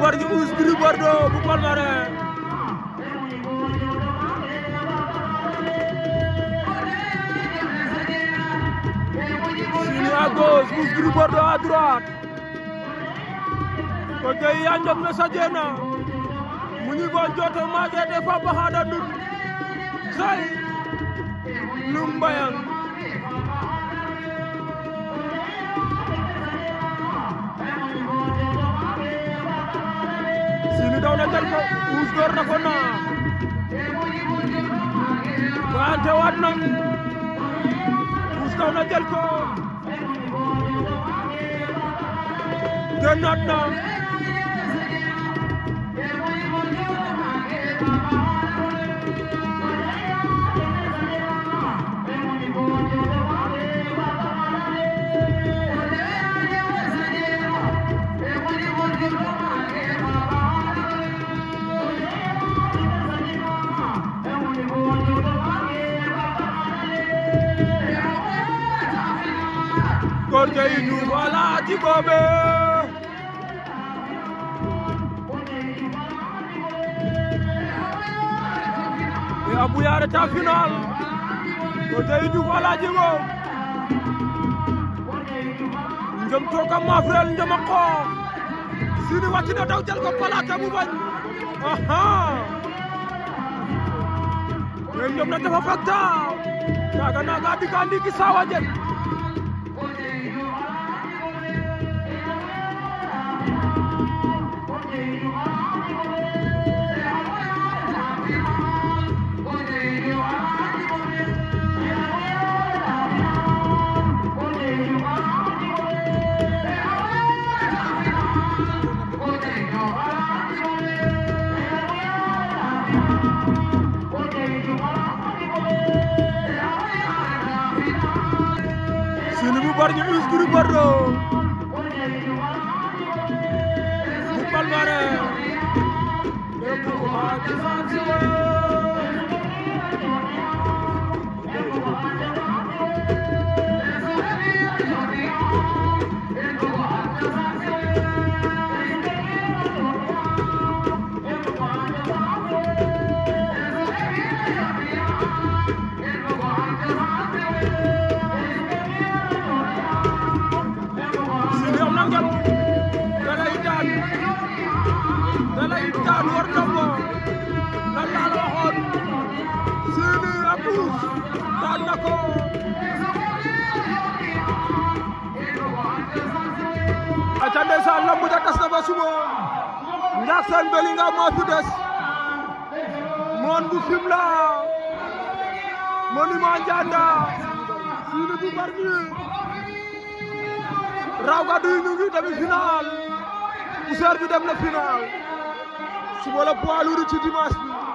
war gi uus Gris Bordeaux bu Palmarin Siny à gauche uus Gris Bordeaux à droite ko jey ya njom na sajena mu ñu ko joto ma de fa baxada dun say lu mbayang bi daw na jël ko uus door na ko naa waante waat nañ uus daw na jël ko génnaat góor ga yi ñu wala ci boobe e Abou Yara ta final góor ga yi ñu wala ci bo njëm toog am ma frel njëm ak ko sini wàcc na daw jël ko palaata mu bañ aha njëm na dafa fakta naga naga dikandi kisawa jen door ñu us Gris Bordeaux bu Palmarin na ngem da lay daan da lay daan war na ko lan laa la waxoon Sidy Abdou daan na ko aca ndeysaan lamb ja tas na ba suba ndax raw gàddu yi ñu ngi tamit final Poussière bi dem na final suba la poids lourd ci dimanche bi.